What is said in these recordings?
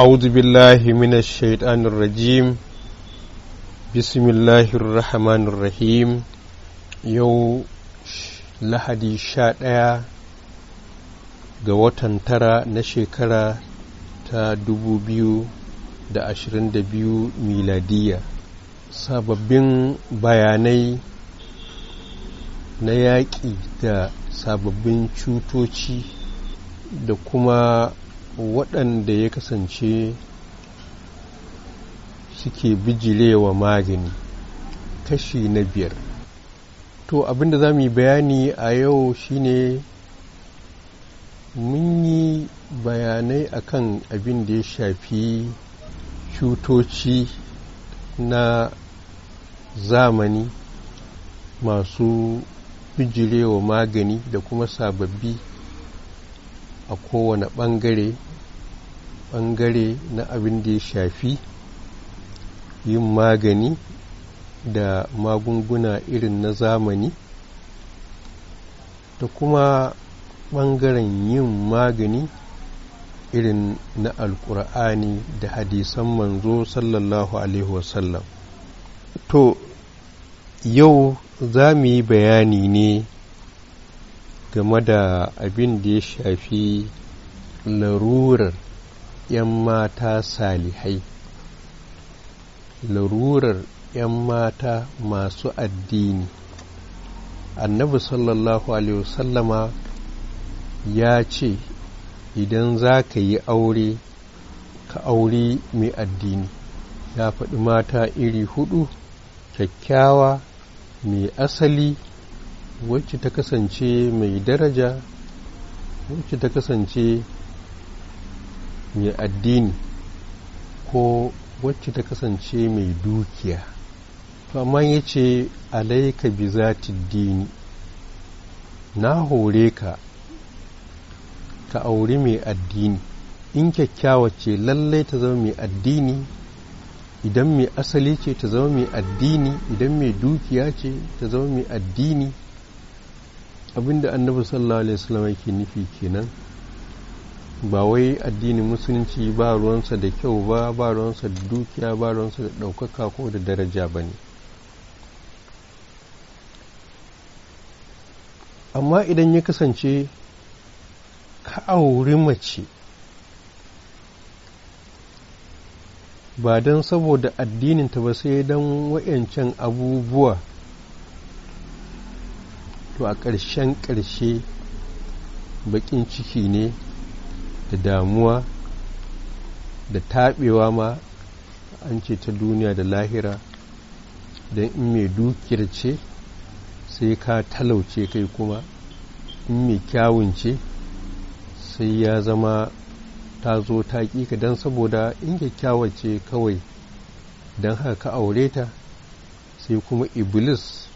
أعوذ بالله من الشيطان الرجيم lahadi sha ɗaya ga watan tara na shekara ta dubu biyu da ashirin da biyu miladiya sababbin bayanai na yaƙi da sababbin cutoci da kuma waɗanda ya kasance suke bijilewa magani kashi na biyar to abinda za mu yi bayani a yau shine mun yi bayanai akan abin da ya shafi cutoci na zamani masu bijirewa magani da kuma sababbi a kowane ɓangare ɓangare na abin da ya shafi yin magani da magunguna irin na zamani da kuma ɓangaren yin magani irin na alkur'ani da hadisan manzo sallallahu alaihi wasallam to yau za mu yi bayani ne game da abin da ya shafi larurar 'yan mata salihai larurar 'yan mata masu addini annabi sallallahu alaihi wasallama ya ce idan za ka yi aure ka aure mai addini ya faɗi mata iri hudu kyakkyawa mai asali wacce ta kasance mai daraja wacce ta kasance mai addini ko wacce ta kasance mai dukiya to amma ya ce alaika bi zati dini na hore ka ka auri mai addini in kyakkyawa ce lallai ta zama mai addini idan mai asali ce ta zama mai addini idan mai dukiya ce ta zama mai addini abinda annabi sallallahu alaihi wasallam yake nufi kenan ba wai addinin musulunci ba ruwansa da kyau ba ba ruwansa da dukiya ba ruwansa da ɗaukaka ko da daraja ba ne amma idan ya kasance ka auri mace ba don saboda addinin ta ba sai don wa'yancan abubuwa to a ƙarshen ƙarshe baƙin ciki ne da damuwa da taɓewa ma an ce ta duniya da lahira don in mai dukiyar ce sai ka talauce kai kuma in mai kyawun ce sai ya zama ta zo ta ka don saboda in kyakkyawa ce kawai don haka ka aure ta sai kuma iblis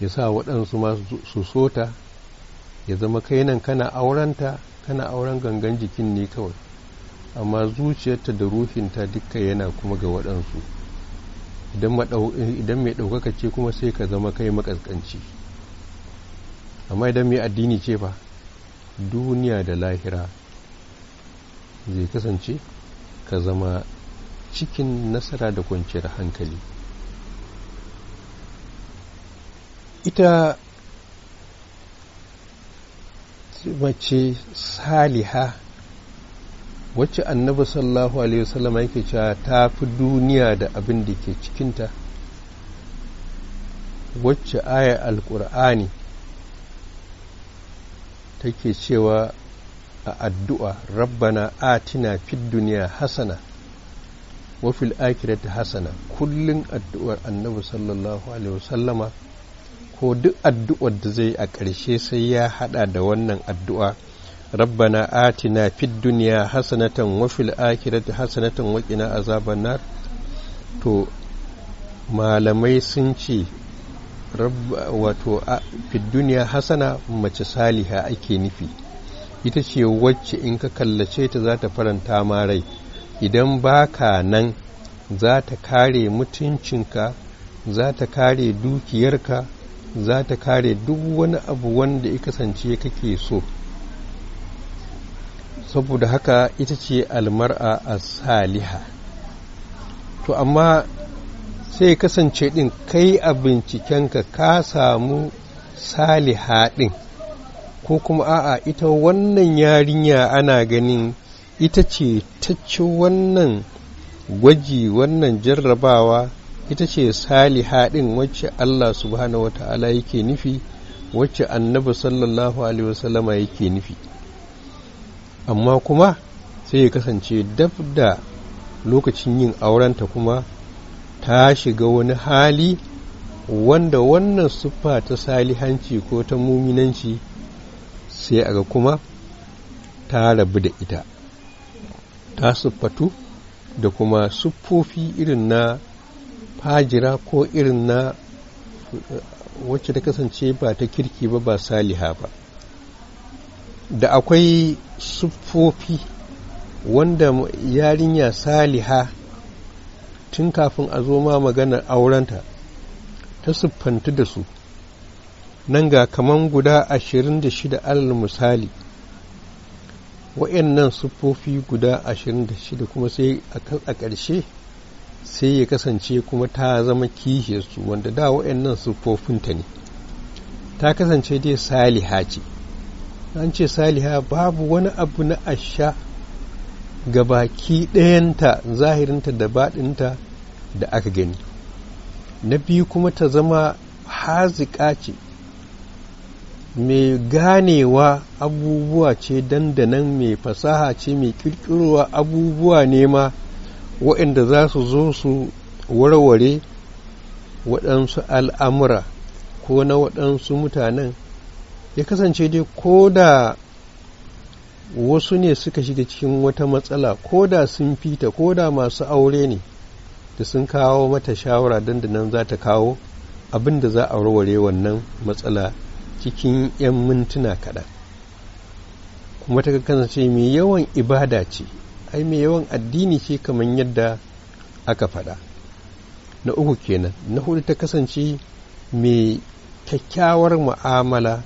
ya sa waɗansu ma su sota ya zama kai nan kana aurenta kana auren gangan jikin ne kawai amma zuciyarta da ruhinta dukka yana kuma ga waɗansu idan mai ɗaukaka ce kuma sai ka zama kai makaskanci amma idan mai addini ce ba duniya da lahira zai kasance ka zama cikin nasara da kwanciyar hankali ita mace saliha wacce annabi sallallahu alaihi wasallam yake cewa ta fi duniya da abin da ke cikinta wacce aya alkur'ani take cewa a addu'a rabbana atina fid duniya hasana wa fil akhirati hasana kullum addu'ar annabi sallallahu alaihi wasallama ko duk addu'ar da zai a ƙarshe sai ya haɗa da wannan addu'a rabbana atina fid duniya hasanatan wa hasanatan waƙina a azaban nar to malamai sun ce wato fid duniya hasana mace saliha ake nufi ita ce wacce in ka kallace ta za ta faranta ma rai idan baka nan za ta kare mutuncinka za ta kare dukiyarka za ta kare duk wani abu wanda ya kasance kake so saboda haka ita ce almar'a a saliha to amma sai kasance din kai a bincikenka ka samu saliha din ko kuma a'a ita wannan yarinya ana ganin ita ce ta ci wannan gwaji wannan jarrabawa ita ce saliha din wacce Allah subhanahu wata'ala yake nufi wacce annabi sallallahu alaihi wasallama yake nufi amma kuma sai ya kasance dab da lokacin yin aurenta kuma ta shiga wani hali wanda wannan siffa ta salihanci ko ta muminanci sai aga kuma ta rabu da ita ta siffatu da kuma siffofi irin na fajira ko irin na wacce ta kasance ba ta kirki ba ba saliha ba da akwai siffofi wanda yarinya saliha tun kafin a zo ma magana aurenta ta siffantu da su nan ga kaman guda ashirin da shida alal misali wa'annan siffofi guda ashirin da shida kuma sai a ƙarshe sai ya kasance kuma ta zama su wanda da waɗannan siffofinta ne ta kasance dai saliha ce an ce saliha babu wani abu na asha ga baki ɗayanta zahirinta da baɗinta da aka gani na biyu kuma ta zama haziƙa ce mai ganewa abubuwa ce dandanan mai fasaha ce mai ƙirƙirowa abubuwa ne ma waɗanda za su zo su warware waɗansu al'amura ko na waɗansu mutanen ya kasance dai ko da wasu ne suka shiga cikin wata matsala ko da sun fita ko da masu aure ne da sun kawo mata shawara dandanan za ta kawo abin da za a warware wannan matsala cikin 'yan mintuna kaɗan kuma ta kasance mai yawan ibada ce ai mai yawan addini ce kamar yadda aka faɗa na uku kenan na hudu ta kasance mai kyakkyawar mu'amala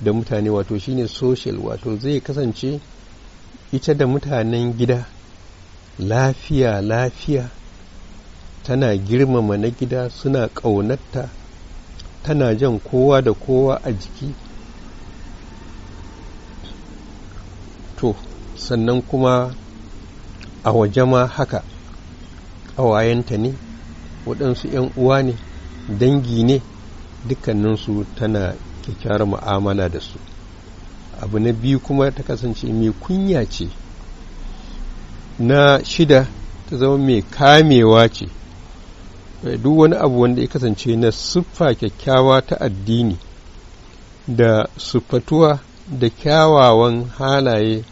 da mutane wato shine social wato zai kasance ita da mutanen gida lafiya lafiya tana girmama na gida suna ƙaunarta tana jan kowa da kowa a jiki to sannan kuma a waje ma haka ƙawayenta ne waɗansu 'yan uwa ne dangi ne dukkaninsu tana kyakkyawar mu'amala da su abu na biyu kuma ta kasance mai kunya ce na shida ta zama mai kamewa ce eh, duk wani abu wanda ya kasance na siffa kyakkyawa ta addini da siffatuwa da kyawawan halaye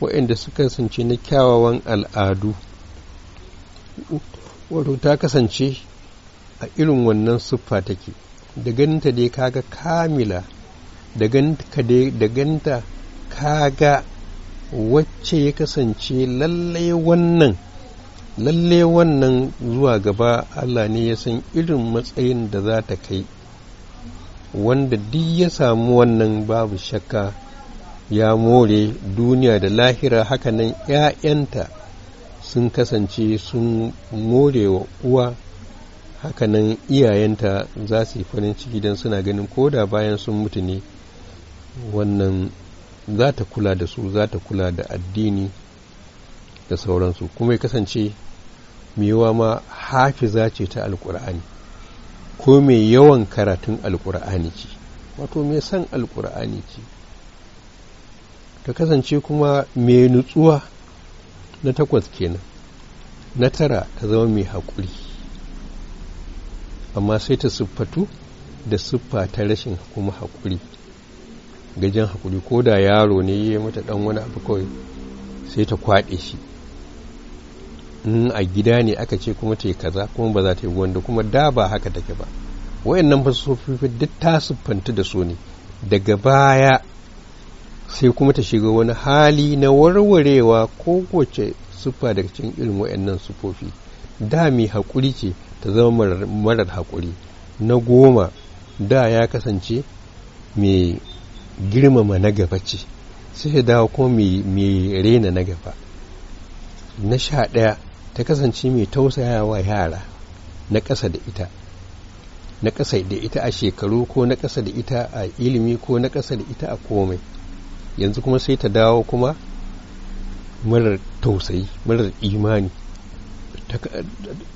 waɗanda su kasance na kyawawan al'adu wato ta kasance a irin wannan siffa take da ganinta dai kaga kamila da ganta kaga wacce ya kasance lallai wannan lalle wannan zuwa gaba Allah ne ya san irin matsayin da za ta kai wanda duk ya samu wannan babu shakka ya more duniya da lahira hakanan 'ya'yanta sun kasance sun more wa uwa hakanan iyayenta za su yi farin ciki don suna ganin koda bayan sun mutu ne wannan za ta kula da su za ta kula da addini da sauransu kuma ya kasance mewa ma hafi za ce ta alkur'ani ko mai yawan karatun alkur'ani ce wato mai san alkur'ani ce ka kasance kuma mai nutsuwa na takwas kenan na tara ta zama mai haƙuri amma sai ta siffatu da siffa ta rashin kuma haƙuri gajen haƙuri ko da yaro ne ya mata ɗan wani abu kawai sai ta kwaɗe shi in a gida ne aka ce kuma ta yi kaza kuma ba za ta yi wanda kuma da ba haka take ba wayannan fasofi duk ta siffantu da su ne daga baya sai kuma ta shiga wani hali na warwarewa kowace siffa daga cikin irin wa'annan sufofi da mai haƙuri ce ta zama marar haƙuri na goma da ya kasance mai girmama na gaba ce sai ya dawo kuma mai rena na gaba na sha ɗaya ta kasance mai tausayawa yara na ƙasa da ita na ƙasa da ita a shekaru ko na ƙasa da ita a ilimi ko na ƙasa da ita a komai yanzu kuma sai ta dawo kuma marar tausayi marar imani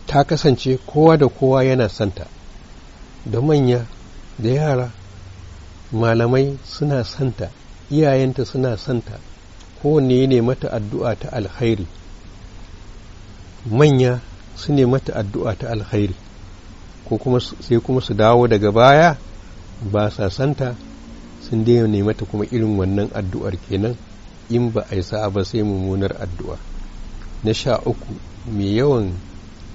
ta kasance kowa da kowa yana santa da manya da yara malamai suna santa iyayenta suna santa kowanne ne mata addu'a ta alkhairi manya su ne mata addu'a ta alkhairi ko kuma sai kuma su dawo daga baya ba sa santa sun dai ne mata kuma irin wannan addu'ar kenan in ba a yi sa'a ba sai mummunar addu'a na sha uku mai yawan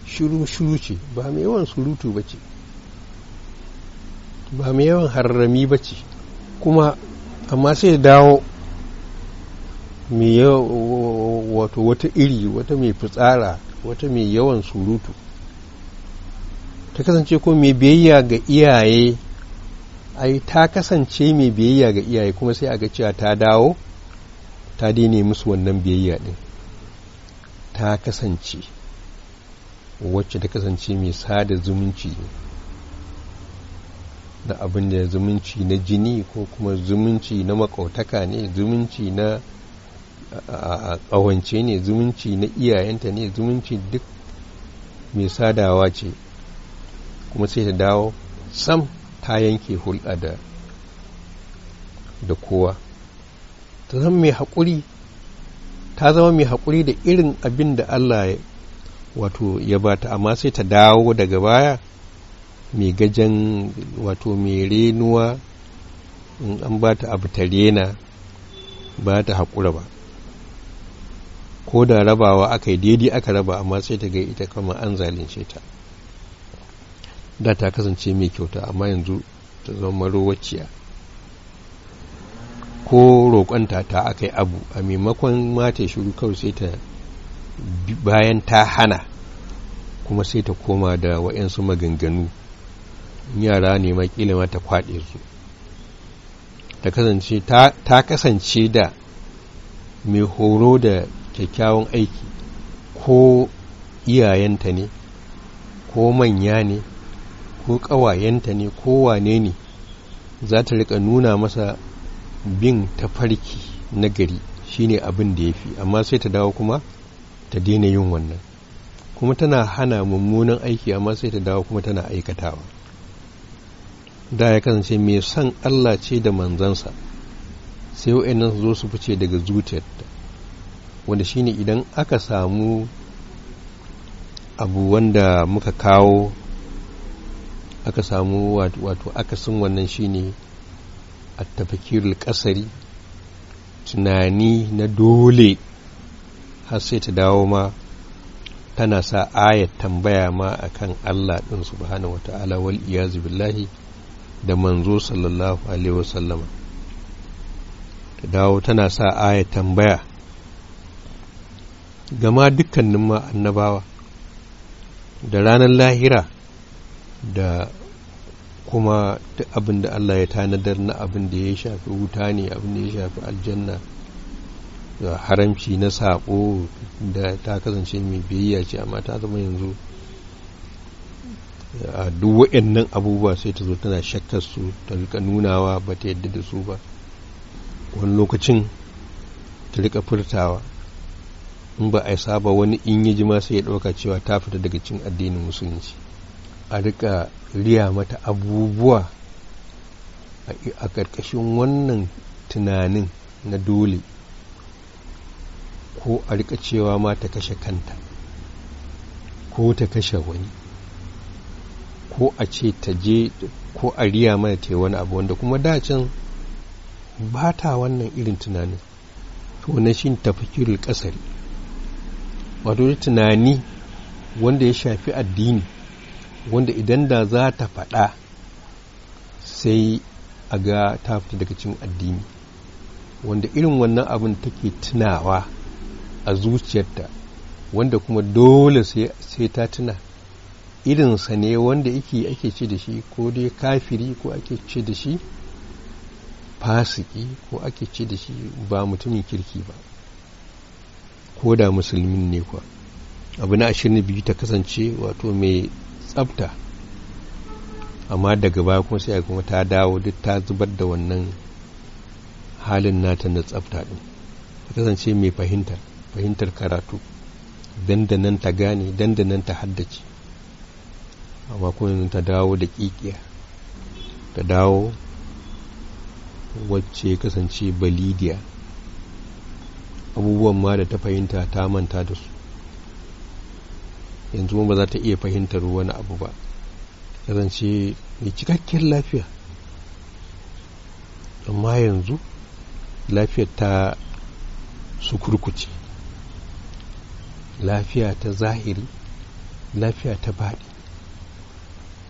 shiru-shiru ce ba mai yawan surutu ba ce ba mai yawan harrami ba ce kuma amma sai dawo mai wato wata iri wata mai fitsara wata mai yawan surutu ta kasance ko mai biyayya ga iyaye ai ta kasance mai biyayya ga iyaye kuma sai a ga cewa ta dawo ta daina musu wannan biyayya din ta kasance wacce ta kasance mai sada zumunci da abin da zumunci na jini ko kuma zumunci na makautaka ne zumunci na ƙawance ne zumunci na iyayenta ne zumunci duk mai sadawa ce kuma sai ta dawo sam ta yanke hulɗa da kowa ta zama mai haƙuri ta zama mai haƙuri da irin abin da Allah ya wato ya bata amma sai ta dawo daga baya mai gajen wato mai renuwa in an bata abu ta rena ba ta haƙura ba ko da rabawa aka yi daidai aka raba amma sai ta ga ita kama an zalunce ta da ta kasance mai kyauta amma yanzu ta zama rowaciya ko roƙonta ta akai abu a maimakon mata shiru kawai sai ta bayan ta hana kuma sai ta koma da wa'yansu maganganu yara ne makila ma ta kwaɗe su kasance ta kasance da mai horo da kyakkyawan aiki ko iyayenta ne ko manya ne ko ƙawayenta ne ko wane ne za ta rika nuna masa bin tafarki na gari shine abin da ya fi amma sai ta dawo kuma ta daina yin wannan kuma tana hana mummunan aiki amma sai ta dawo kuma tana aikatawa da ya kasance mai son Allah ce da manzansa sai wa'annan su zo su fice daga zuciyarta wanda shine idan aka samu abu wanda muka kawo aka samu wato akasin wannan shine a tafakirul kasari tunani na dole har sai ta dawo ma tana sa ayat tambaya ma akan Allah ɗin subhanahu wata'ala wal iyazu billahi da manzo sallallahu alaihi wasallama ta dawo tana sa ayat tambaya gama dukkanin ma annabawa da ranar lahira da kuma duk abin da Allah ya tanadar na abin da ya shafi wuta ne abin da ya shafi aljanna da haramci na saƙo da ta kasance mai biyayya ce amma ta zama yanzu a duk waɗannan abubuwa sai ta zo tana shakkar su ta rika nunawa ba ta yadda da su ba wani lokacin ta rika furtawa in ba a saba wani in yi sai ya ɗauka cewa ta fita daga cin addinin musulunci a rika riya mata abubuwa a ƙarƙashin wannan tunanin na dole ko a rika cewa ma ta kashe kanta ko ta kashe wani ko a ce ta je ko a riya mana ta wani abu wanda kuma dacin ba ta wannan irin tunanin to na shi shin tafakirul kasari wato tunani wanda ya shafi addini wanda idan da za ta faɗa sai a ga ta fita daga cin addini wanda irin wannan abin take tunawa a zuciyarta wanda kuma dole sai ta tuna irinsa ne wanda yake ake ce da shi ko dai kafiri ko ake ce da shi fasiki ko ake ce da shi ba mutumin kirki ba ko da musulmin ne kuwa abu na ashirin biyu ta kasance wato mai tsabta amma daga baya kuma sai kuma ta dawo duk ta zubar da wannan halin nata na tsafta din ta kasance mai fahimtar fahimtar karatu dandanan ta gane dandanan ta haddace amma kuma ta dawo da ƙiƙiya ta dawo wacce kasance balidiya abubuwan ma da ta fahimta ta manta da su yanzu ba za ta iya fahimtar wani abu ba kasance mai cikakkiyar lafiya amma yanzu lafiyar ta sukurkuce lafiya ta zahiri lafiya ta baɗi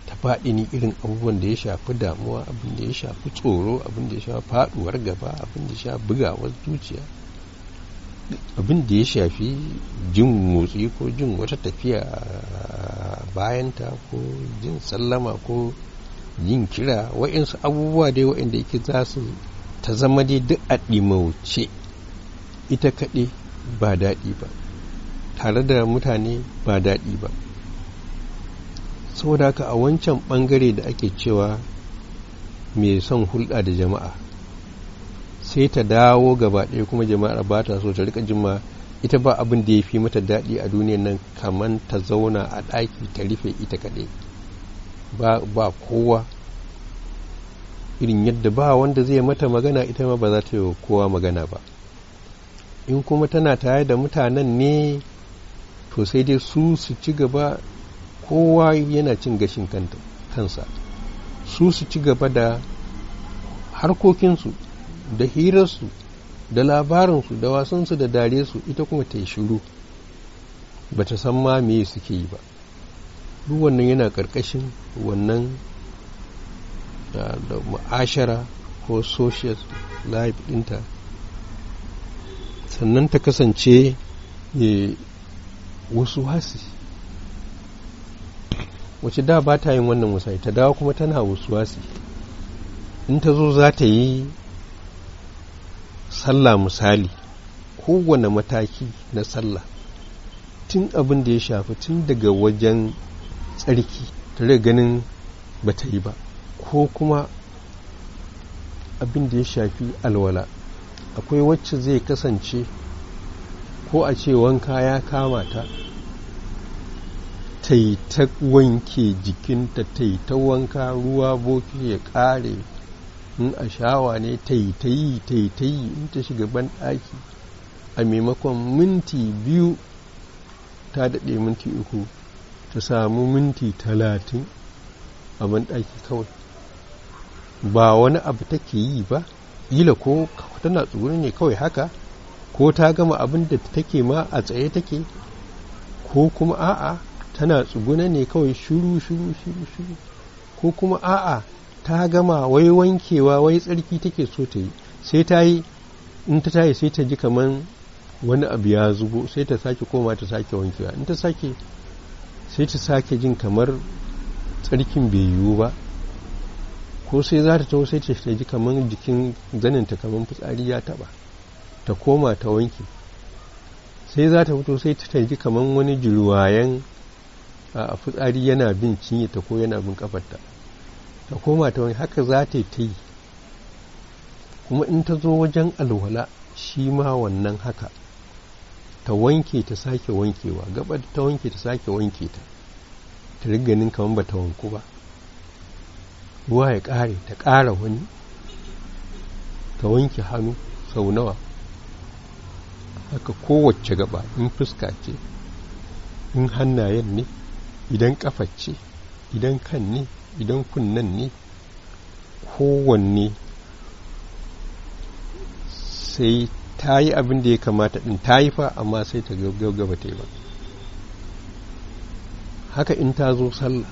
ta baɗi ni irin abubuwan da ya shafi damuwa abin da ya shafi tsoro abin da ya shafi faɗuwar gaba abin da ya shafi bugawar zuciya abin da ya shafi jin motsi ko jin wata tafiya bayanta ko jin sallama ko yin kira wa'insu abubuwa dai wa'inda yake za su ta zama dai duk a ɗimauce ita kaɗe ba daɗi ba tare da mutane ba daɗi ba saboda haka a wancan ɓangare da ake cewa mai son hulɗa da jama'a sai ta dawo gaba ɗaya kuma jama'ar ba ta so ta rika jima ita ba abin da ya fi mata daɗi a duniyan nan kamar ta zauna a ɗaki ta rufe ita kaɗai ba kowa irin yadda ba wanda zai mata magana ita ma ba za ta yi kowa magana ba in kuma tana tare da mutanen ne to sai dai su su ci gaba kowa yana cin gashin kansa su su ci gaba da harkokinsu da hirarsu da labarinsu da wasansu da dare su ita kuma ta yi shiru ba ta san ma me suke yi ba duk wannan yana ƙarƙashin wannan da ma'ashara ko social life ɗinta sannan ta kasance eh, wasu hasi wace da ba ta yin wannan wasa? ta dawo kuma tana wasu hasi in ta zo za ta yi sallah misali kowane mataki na sallah tun abin da ya shafi tun daga wajen tsarki tare ganin ba ta yi ba ko kuma abin da ya shafi alwala akwai wacce zai kasance ko a ce wanka ya kama ta ta yi ta wanke jikinta ta yi ta wanka ruwa boki ya ƙare in a shawa ne ta yi in ta shiga banɗaki a maimakon minti biyu ta daɗe minti uku ta samu minti talatin a banɗaki kawai ba wani abu take yi ba ƙila ko tana tsoro ne kawai haka ko ta gama abin da take ma a tsaye take ko kuma a'a tana tsuguna ne kawai shuru shuru shuru ko kuma a'a ta gama wai wankewa wai tsarki take so ta yi sai ta yi in ta tayi sai ta ji kaman wani abu ya zubo sai ta sake koma ta sake wankewa in ta sake sai ta sake jin kamar tsarkin bai yiwu ba ko sai za ta taho sai ta ji kamar jikin zaninta kamar fitsari ya taba ta koma ta wanke sai za ta fito sai ta ji kamar wani jirwayen a fitsari yana bin cinye ta ko yana bin kafarta ta koma ta wani haka za ta ta yi kuma in ta zo wajen alwala shi ma wannan haka ta wanke ta sake wankewa gaba ta wanke ta sake wanke ta ta riganin kamar ba ta wanku ba ruwa ya ƙare ta ƙara wani ta wanke hannu sau nawa haka kowace gaba in fuska ce in hannayen ne idan ƙafa ce idan kan ne idan kunnen ne kowanne sai ta yi abin da ya kamata ɗin ta yi fa amma sai ta gaggaba ta yi ba haka in ta zo sallah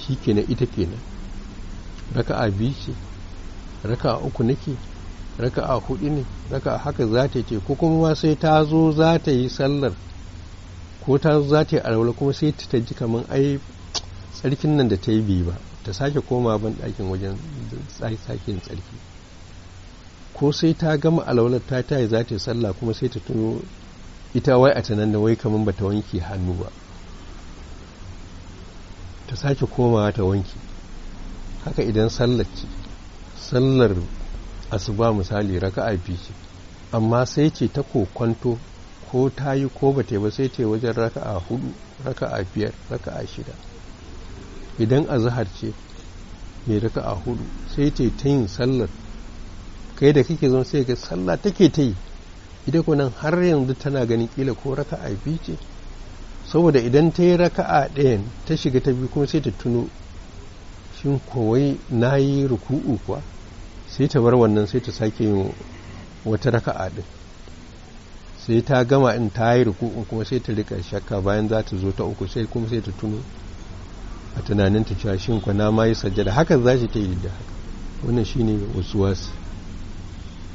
shi kenan ita kenan raka'a biyu ce a uku nake a hudu ne raka a haka za ta ce ko kuma sai ta zo za ta yi sallar ko ta zo za ta yi alwala kuma sai ta ji kamar ai tsarkin nan da ta yi biyu ba ta sake koma ban ɗakin wajen sakin tsarki ko sai ta gama alaunar ta tayi za ta yi sallah kuma sai ta tuno ita wai a tanan da wai kamar ba ta wanke hannu ba ta sake komawa ta wanke haka idan sallar ce sallar asuba misali raka'a biyu ce amma sai ce ta kokwanto ko ta yi ko ba ta yi ba sai ta yi wajen a hudu raka a biyar raka a shida idan azhar ce mai raka a hudu sai ta ta yin sallar kai da kake zama sai ga sallah take ta yi ita nan har yanzu tana ganin kila ko raka a biyu ce saboda idan ta yi raka a ɗayan ta shiga ta biyu kuma sai ta tuno shi kowai na yi ruku'u kuwa sai ta bar wannan sai ta sake yin wata raka a ɗin sai ta gama in ta yi ruku'u kuma sai ta rika shakka bayan za ta zo ta uku sai kuma sai ta tuno a tunanin ta cewa shin kwana ma yi sajjada hakan za shi ta yi da haka wannan ne wasu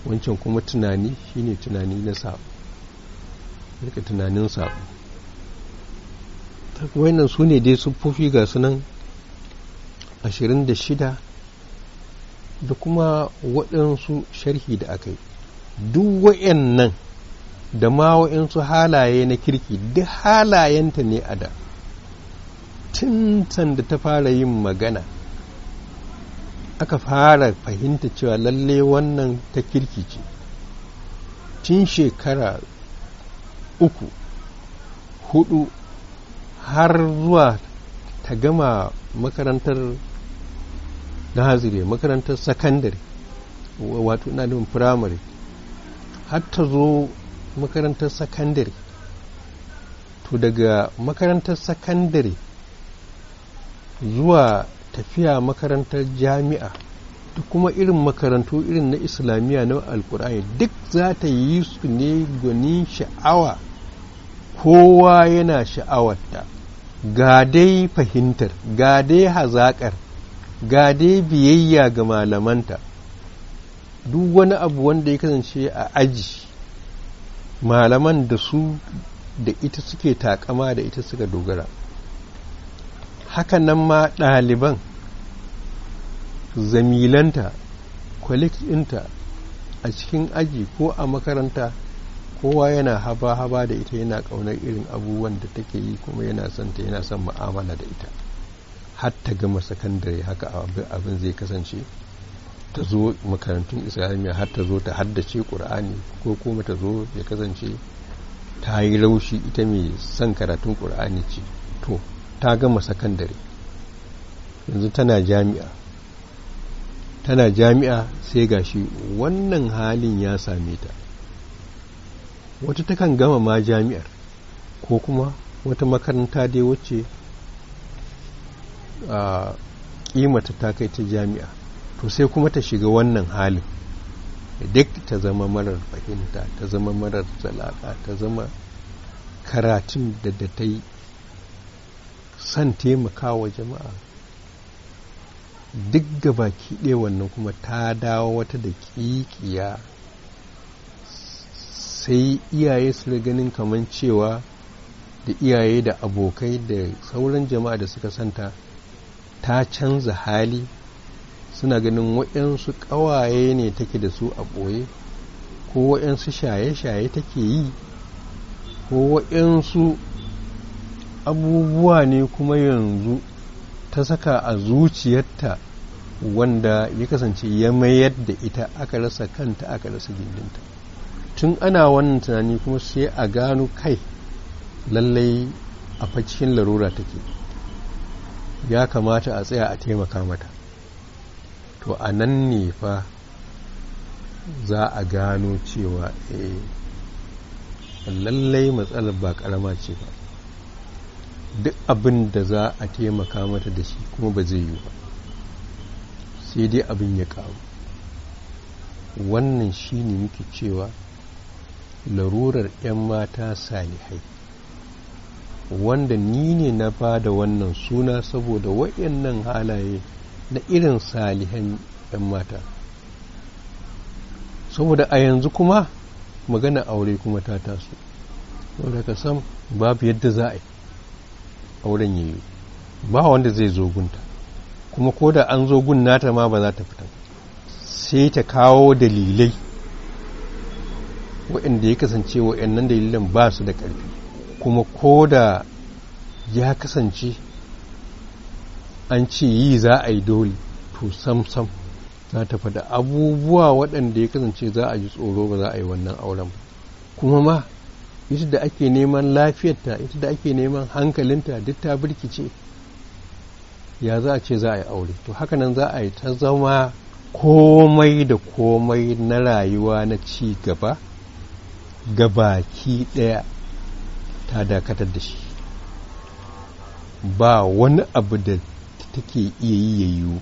wancan kuma tunani shi ne tunani na sabu rika tunanin sabo wannan su ne dai siffofi ga sunan 26 da kuma waɗansu sharhi da aka yi duk wa'yan nan da ma wa'yansu halaye na kirki duk halayenta ne a da tun sanda ta fara yin magana aka fara fahimta cewa lalle wannan ta kirki ce tun shekara uku hudu har zuwa ta gama makarantar nazire makarantar sakandare wato na nufin firamare har ta zo makarantar sakandare to daga makarantar sakandare zuwa tafiya makarantar jami'a da kuma irin makarantu irin na islamiyya na alkur'ani duk za ta yi su ne gwanin sha'awa kowa yana sha'awarta ga dai fahimtar ga dai hazaƙar ga dai biyayya ga malamanta duk wani abu wanda ya kasance a aji malaman da su da ita suke takama da ita suka dogara haka nan ma ɗaliban zamilanta kwalik ɗinta a cikin aji ko a makaranta kowa yana haba-haba da ita yana ƙaunar irin abubuwan da take yi kuma yana son ta yana son ma'amala da ita har ta gama sakandare haka abin zai kasance ta zo makarantun islamiyya har ta zo ta haddace ƙur'ani ko kuma ta zo ya kasance ta yi laushi ita mai son karatun ƙur'ani ce to ta gama sakandare yanzu tana jami'a tana jami'a sai gashi wannan halin ya same ta wata takan gama ma jami'ar ko kuma wata makaranta dai wacce a kimata ta kai ta jami'a to sai kuma ta shiga wannan halin duk ta zama marar fahimta ta zama marar zalaka ta zama karatun da da ta yi son taimakawa jama'a duk gabaki ɗaya wannan kuma ta dawo wata da ƙiƙiya sai iyaye su ganin kamar cewa da iyaye da abokai da sauran jama'a da suka santa ta canza hali suna ganin waɗansu ƙawaye ne take da su a ɓoye ko waɗansu shaye-shaye take yi ko waɗansu abubuwa ne kuma yanzu ta saka a zuciyarta wanda ya kasance ya mayar da ita aka rasa kanta aka rasa gindinta tun ana wannan tunani kuma sai a gano kai lallai a facikin larura take ya kamata a tsaya a taimaka mata to a nan ne fa za a gano cewa eh lallai matsalar ba karama ce ba duk abin da za a taimaka mata da shi kuma ba zai yi ba sai dai abin ya karu wannan shi ne muke cewa larurar 'yan mata salihai wanda ni ne na ba da wannan suna saboda wayannan halaye na irin salihan 'yan mata saboda a yanzu kuma magana aure kuma ta taso wadda ka sam babu yadda za a yi auren yayi ba wanda zai zo gunta kuma ko da an zo gunnata nata ma ba za ta fita sai ta kawo dalilai waɗanda ya kasance waɗannan dalilan ba su da ƙarfi kuma ko da ya kasance an ce yi za a yi dole to sam sam za ta faɗa abubuwa waɗanda ya kasance za a ji tsoro ba za a yi wannan auren kuma ma ita da ake neman lafiyarta ita da ake neman hankalinta duk ta birkice ya za a ce za a yi aure to haka nan za a yi ta zama komai da komai na rayuwa na ci gaba gabaki ɗaya ta dakatar da shi ba wani abu da take iya yi yayu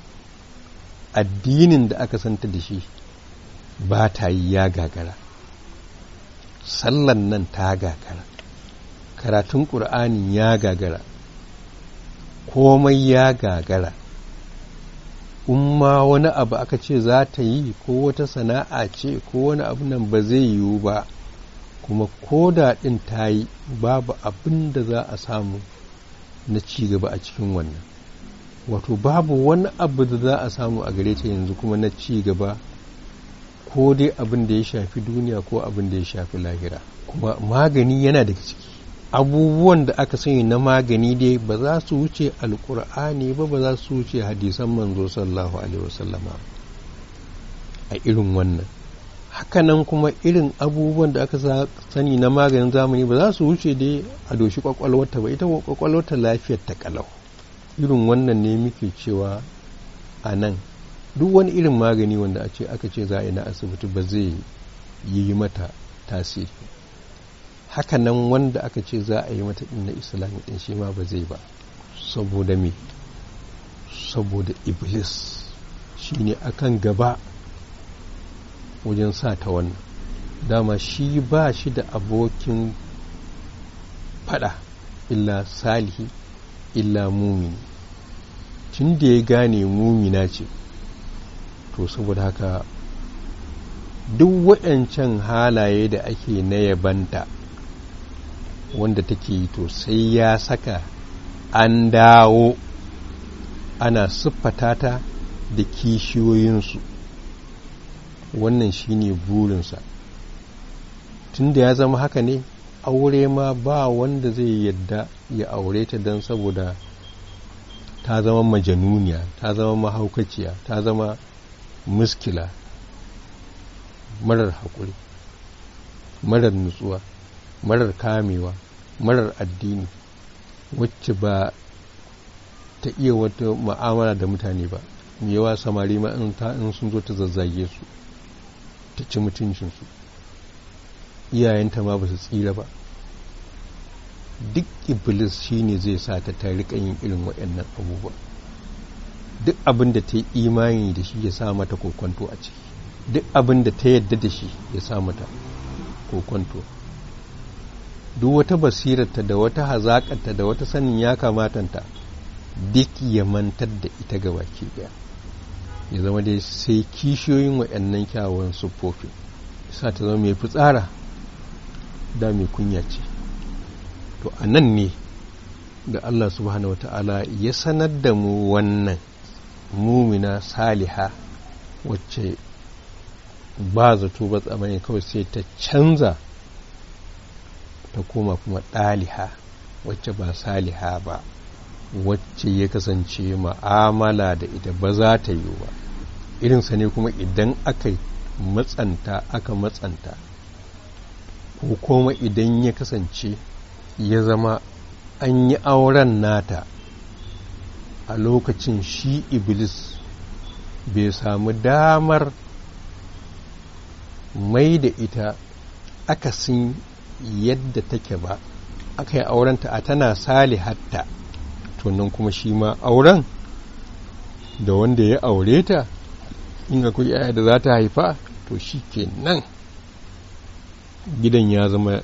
addinin da aka santa da shi ba ta yi ya gagara sallan nan ta gagara karatun ƙur'ani ya gagara komai ya gagara in wani abu aka ce za ta yi ko wata sana'a ce ko wani abu nan ba zai yiwu ba kuma ko daɗin ta yi babu abin da za a samu na ci a cikin wannan wato babu wani abu da za a samu a gare ta yanzu kuma na ci gaba ko dai abin da ya shafi duniya ko abin da ya shafi lahira kuma magani yana daga ciki abubuwan da aka sani na magani dai ba za su wuce alkur'ani ba ba za su wuce hadisan manzo sallallahu alaihi wasallama a irin wannan hakanan kuma irin abubuwan da aka sani na maganin zamani ba za su wuce dai a doshi kwakwalwata ba ita kwakwalwata lafiyar ta kalau irin wannan ne muke cewa a nan duk wani irin magani wanda a ce aka ce za a yi na asibiti ba zai yi mata tasiri hakanan wanda aka ce za a yi mata din na islami din shi ma ba zai ba saboda me saboda iblis shi shine akan gaba wajen sa ta wannan dama shi ba shi da abokin fada illa salihi illa mumini tun da ya gane mumina ce to saboda haka duk waɗancan halaye da ake na yabanta wanda take to sai ya saka an dawo ana siffata ta da kishiyoyinsu wannan shine burinsa tunda ya zama haka ne aure ma ba wanda zai yadda ya aure ta don saboda ta zama majanuniya ta zama mahaukaciya ta zama muskila marar haƙuri marar nutsuwa marar kamewa marar addini wacce ba ta iya wata ma'amala da mutane ba yawa samari ma in sun zo ta zazzage su ta ci mutuncinsu iyayenta ma ba su tsira ba duk iblis shine zai sa ta rika yin irin waɗannan abubuwa duk abin da ta yi imani da shi ya sa mata kokonto a ciki duk abin da ta yadda da shi ya sa mata kokonto duk wata basirarta da wata hazaƙarta da wata sanin ya kamatanta duk ya mantar da ita ga baki daya ya zama dai sai kishiyoyin waɗannan kyawun siffofi sa ta zama mai fitsara da mai kunya ce to a nan ne da Allah subhanahu ta'ala ya sanar da mu wannan mumina saliha wacce ba zato ba tsamani kawai sai ta canza ta koma kuma ɗaliha wacce ba saliha ba wacce ya kasance ma'amala da ita ba za ta yi ba irinsa ne kuma idan aka matsanta aka matsanta ko kuma idan ya kasance ya zama an yi auren nata a lokacin shi iblis bai samu damar mai da ita akasin yadda take ba aka yi aurenta a tana sali hatta tunan kuma shi ma auren da wanda ya aure ta in akwai yaya da za ta haifa to shi ke nan gidan ya zama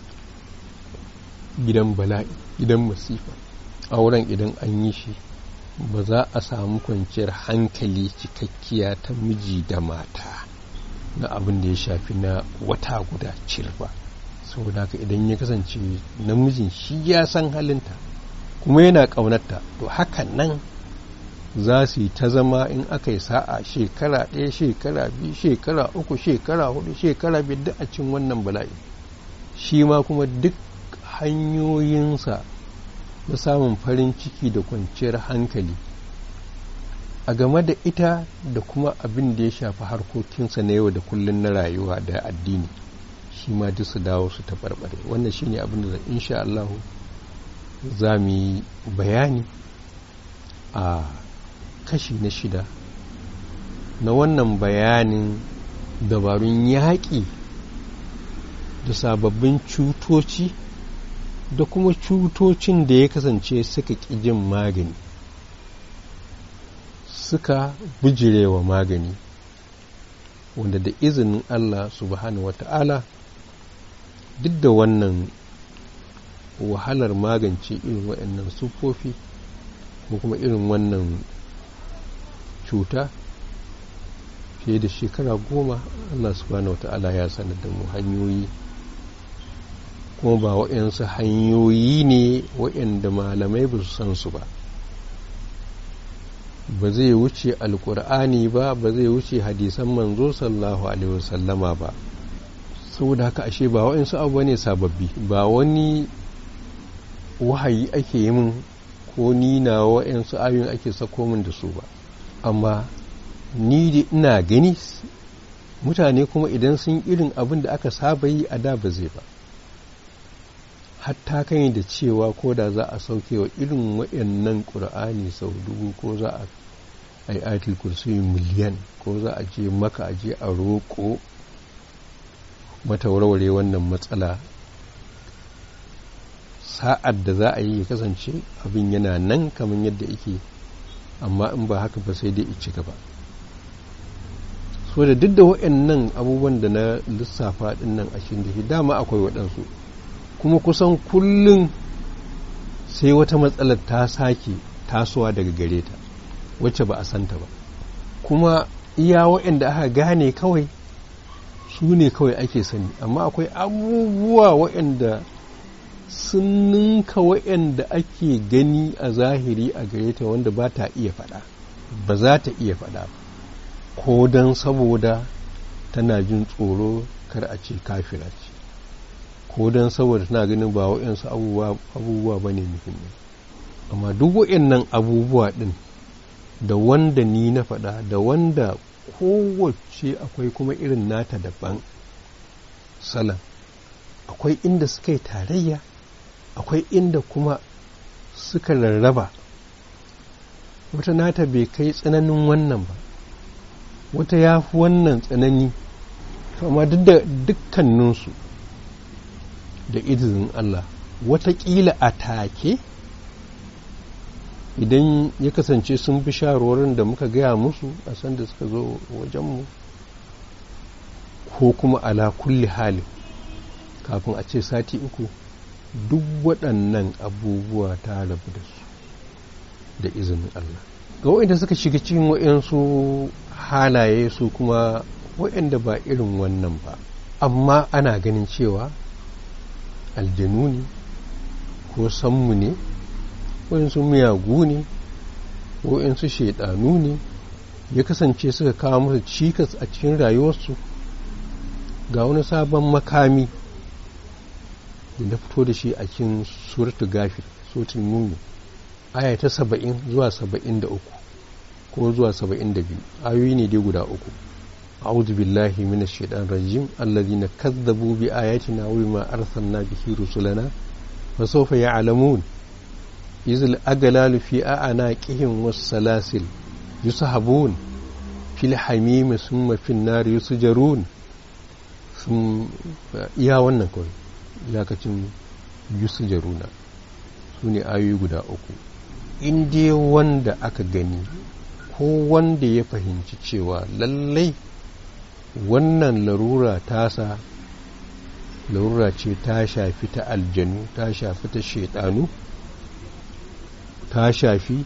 gidan bala'i gidan masifa auren idan an yi shi ba za a samu kwanciyar hankali cikakkiya ta miji da mata na abin da ya shafi na wata guda cir ba saboda haka idan ya kasance namijin shi ya san halinta kuma yana ƙaunarta to hakan nan za su yi ta zama in aka yi sa'a shekara ɗaya shekara biyu shekara uku shekara hudu shekara biyar duk a cin wannan bala'i shi ma kuma duk hanyoyinsa na samun farin ciki da kwanciyar hankali a game da ita da kuma abin da ya shafi harkokinsa na yau da kullum na rayuwa da addini shi ma duk su dawo su taɓarɓare wannan shi ne abin da insha Allah za mu yi bayani a kashi na shida na wannan bayanin dabarun yaƙi da sababbin cutoci da kuma cutocin da ya kasance suka jin magani suka bijirewa magani wanda da izinin Allah subhanahu wata'ala duk da wannan wahalar magance irin waɗannan sufofi ko kuma irin wannan cuta fiye da shekara goma Allah subhanahu wata'ala ya sanar da mu hanyoyi kuma ba waɗansu hanyoyi ne waɗanda malamai ba su san su ba ba zai wuce alkur'ani ba ba zai wuce hadisan manzo sallahu alaihi wasallama ba saboda haka ashe ba waɗansu abu ne sababbi ba wani wahayi ake yi min ko ni na waɗansu ayoyin ake sako min da su ba amma ni da ina gani mutane kuma idan sun irin abin da aka saba yi a da ba zai ba hatta kan yi da cewa ko da za a sauke wa irin waɗannan ƙur'ani sau dubu ko za a ai atil kursi miliyan ko za a je maka a je a roƙo mata warware wannan matsala sa'ad da za a yi kasance abin yana nan kamar yadda ike amma in ba haka ba sai dai ci gaba so da duk da waɗannan abubuwan da na lissafa ɗin nan a shi dama akwai waɗansu kuma kusan kullum sai wata matsalar ta sake tasowa daga gare ta wacce ba a santa ba kuma iya waɗanda aka gane kawai su ne kawai ake sani amma akwai abubuwa waɗanda sun ninka waɗanda ake gani a zahiri a gare ta wanda ba ta iya faɗa ba za ta iya faɗa ko don saboda tana jin tsoro kar a ce kafira ko don saboda tana ganin ba wayansu abubuwa ba ne muhimmi amma duk waɗannan abubuwa din da wanda ni na faɗa da wanda kowace akwai kuma irin nata daban salam akwai inda suka yi tarayya akwai inda kuma suka rarraba wata nata bai kai tsananin wannan ba wata ya fi wannan tsanani amma da dukkaninsu da izinin Allah watakila a take idan ya kasance sun fi shawarwarin da muka gaya musu a sanda suka zo wajenmu ko kuma ala kulli hali kafin a ce sati uku duk waɗannan abubuwa ta rabu da su da izinin Allah ga waɗanda suka shiga cikin waɗansu halaye su kuma waɗanda ba irin wannan ba amma ana ganin cewa aljanu ne ko sanmu ne waɗansu miyagu ne ko su shaidanu ne ya kasance suka kawo musu cikas a cikin rayuwarsu ga wani sabon makami da na fito da shi a cikin suratu gafir sotin nuni aya ta saba'in zuwa saba'in ko zuwa saba'in biyu ayoyi ne dai guda uku a'uzubilahi minisfeɗan rajim allah dina kas da bubi ayaci na wuri ma arsana bihirin sulanna ba fa ya cala mun yusuf agalalu fi'a ana kihin wasu salasin yusuf habun fili hamimu sumba finnari yusuf jarun yawon ya kacin yusuf jarun ayoyi guda uku. indi wanda aka gani ko wanda ya fahimci cewa lallai. wannan larura tasa larura ce ta shafi ta aljanu ta shafi ta shaidanu ta shafi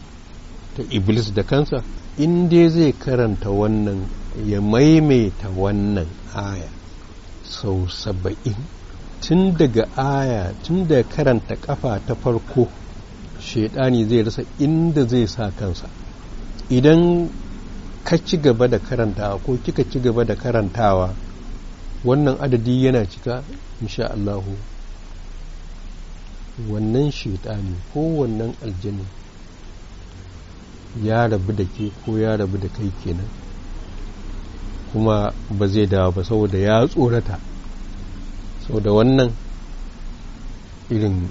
ta iblis da kansa inda zai karanta wannan ya maimaita wannan aya sau saba'in tun daga aya tun da karanta kafa ta farko shaidani zai rasa inda zai sa kansa idan ka ci gaba da karantawa ko kika ci gaba da karantawa wannan adadi yana cika insha Allahu wannan shaitani ko wannan aljini ya rabu da ke ko ya rabu da kai kenan kuma ba zai dawo ba saboda ya tsorata saboda wannan irin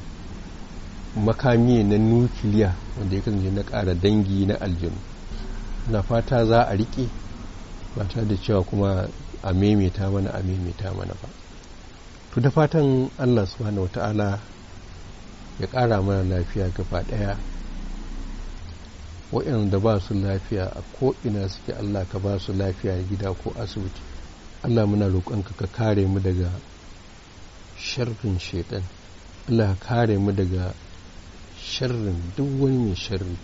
makami na nukiliya wanda ya kasance na ƙara dangi na aljanu na fata za a riƙe ba ta da cewa kuma a maimaita mana a maimaita mana ba to da fatan allah subhanahu wata'ala ya ƙara mana lafiya gaba ɗaya waɗanda ba su lafiya a ko'ina suke allah ka ba su lafiya gida ko asibiti allah muna roƙonka ka kare mu daga sharrin shaidan allah ka kare mu daga sharrin duk wani mai sharri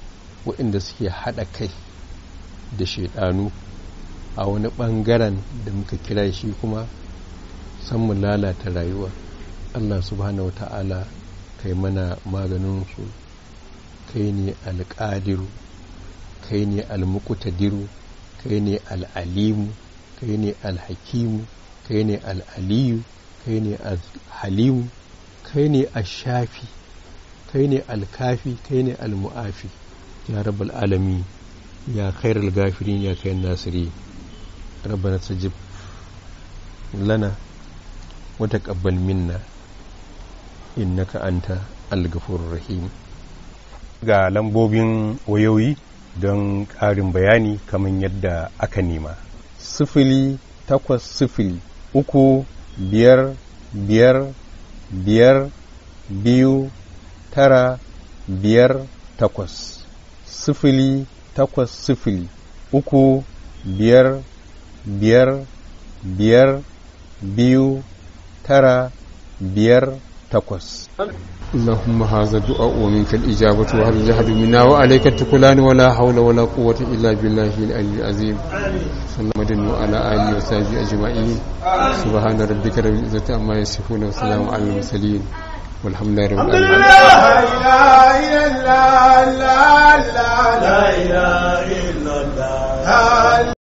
waɗanda suke haɗa kai da shaidanu a wani ɓangaren da muka kira shi kuma san mu lalata rayuwa allah subhanahu wata'ala kai mana maganin su kai ne alƙadiru kai ne almukutadiru kai ne al'alimu kai ne alhakimu kai ne al'aliyu kai ne alhalimu kai ne ashafi kai ne alkafi kai ne almu'afi ya rabu al'alami يا خير الغافرين يا خير الناصرين ربنا تجب لنا وتقبل منا innaka anta alghafur rahim ga lambobin wayoyi don ƙarin bayani kamar yadda aka nema sifili takwas sifili uku biyar biyar biyar biyu tara biyar takwas sifili takwas sifili uku biyar biyar biyar biyu tara biyar takwas. اللهم هذا الدعاء ومنك الإجابة وهل الجهد منا وعليك التكلان ولا حول ولا قوة إلا بالله العلي العظيم صلى الله وعلى آله وصحبه أجمعين سبحان ربك رب العزة عما يصفون وسلام على المرسلين والحمد لله رب العالمين لا اله الا الله لا اله الا الله